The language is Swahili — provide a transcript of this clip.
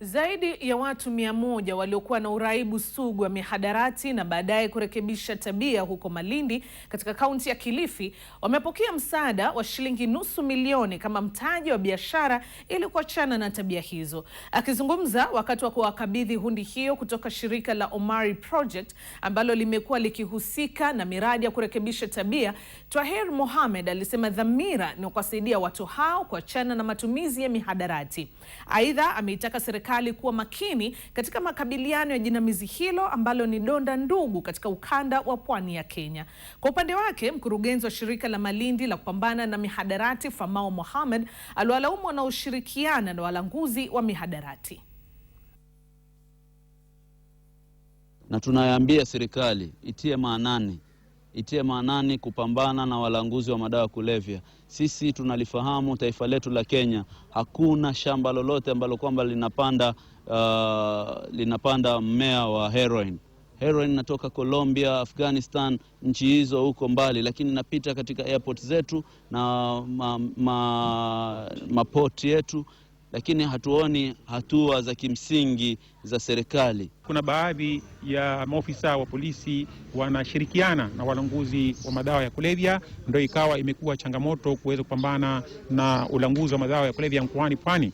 Zaidi ya watu mia moja waliokuwa na uraibu sugu wa mihadarati na baadaye kurekebisha tabia huko Malindi katika kaunti ya Kilifi wamepokea msaada wa shilingi nusu milioni kama mtaji wa biashara ili kuachana na tabia hizo. Akizungumza wakati wa kuwakabidhi hundi hiyo kutoka shirika la Omari Project ambalo limekuwa likihusika na miradi ya kurekebisha tabia, Twahir Mohamed alisema dhamira ni kuwasaidia watu hao kuachana na matumizi ya mihadarati. Aidha, ameitaka serikali serikali kuwa makini katika makabiliano ya jinamizi hilo ambalo ni donda ndugu katika ukanda wa pwani ya Kenya. Kwa upande wake, mkurugenzi wa shirika la Malindi la kupambana na mihadarati Famau Mohamed aliwalaumu wanaoshirikiana na walanguzi wa mihadarati. Na tunayambia serikali itie maanani itie maanani kupambana na walanguzi wa madawa ya kulevya. Sisi tunalifahamu taifa letu la Kenya, hakuna shamba lolote ambalo kwamba linapanda, uh, linapanda mmea wa heroin. Heroin inatoka Colombia, Afghanistan, nchi hizo huko mbali, lakini inapita katika airport zetu na mapoti ma, ma yetu lakini hatuoni hatua za kimsingi za serikali. Kuna baadhi ya maofisa wa polisi wanashirikiana na walanguzi wa madawa ya kulevya, ndio ikawa imekuwa changamoto kuweza kupambana na ulanguzi wa madawa ya kulevya mkoani Pwani.